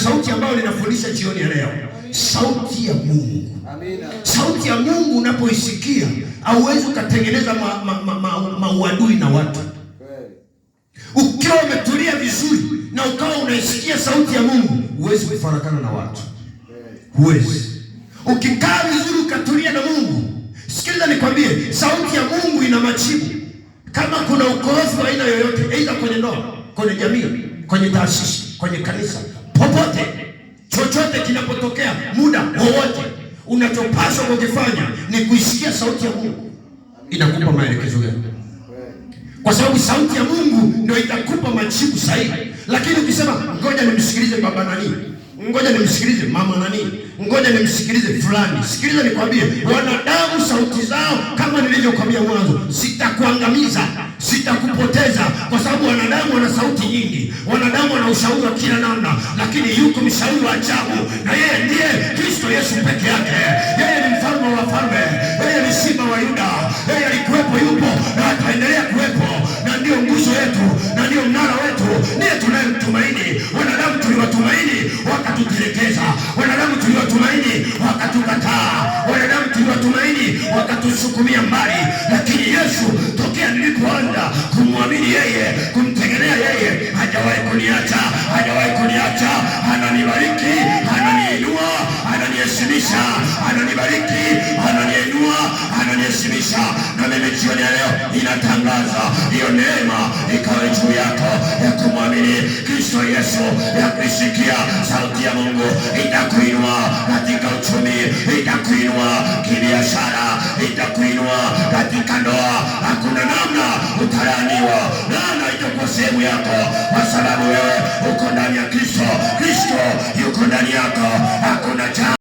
sauti ambayo ninafundisha jioni ya leo, sauti ya Mungu. Amina. Sauti ya Mungu unapoisikia hauwezi ukatengeneza mauadui ma, ma, ma, ma na watu. Ukiwa umetulia vizuri na ukawa unaisikia sauti ya Mungu, huwezi kufarakana na watu, huwezi. Ukikaa vizuri ukatulia na Mungu, sikiliza nikwambie, sauti ya Mungu ina majibu kama kuna ukorofi wa aina yoyote, aidha kwenye ndoa, kwenye jamii, kwenye taasisi, kwenye kanisa, popote, chochote kinapotokea, muda wowote, unachopaswa kukifanya ni kuisikia sauti ya Mungu. Inakupa maelekezo gani? Kwa sababu sauti ya Mungu ndio itakupa majibu sahihi. Lakini ukisema ngoja nimsikilize baba nani, ngoja nimsikilize mama nani, ngoja nimsikilize fulani, sikiliza nikwambie, wanadamu sauti zao, kama nilivyokwambia mwanzo, zitakuangamiza kupoteza, kwa sababu wanadamu wana sauti nyingi, wanadamu wana ushauri wa kila namna, lakini yuko mshauri wa ajabu, na yeye ndiye Kristo Yesu peke yake. Yeye ni mfalme wa wafalme, yeye ni simba wa Yuda. Yeye alikuwepo, yupo na ataendelea kuwepo, na ndiyo nguzo yetu, na ndiyo mnara wetu, ndiye tunayemtumaini. Wanadamu tuliwatumaini wakatutelekeza, wanadamu tuliwatumaini wakatukataa, wanadamu tuliwatumaini wakatusukumia mbali, lakini Yesu tokea nilipo kumwamini yeye, kumtegemea yeye. Hajawahi kuniacha, hajawahi kuniacha, ananibariki, ananiinua, ananiheshimisha, ananibariki, ananiinua, ananiheshimisha. Na mimi jioni ya leo inatangaza hiyo neema ikawe juu yako ya kumwamini Kristo Yesu, ya kuisikia sauti ya Mungu itakuinua katika itakuinua kibiashara, itakuinua katika ndoa. Hakuna namna utalaaniwa, laana itakuwa sehemu yako, kwa sababu wewe uko ndani ya Kristo, Kristo yuko ndani yako. Hakuna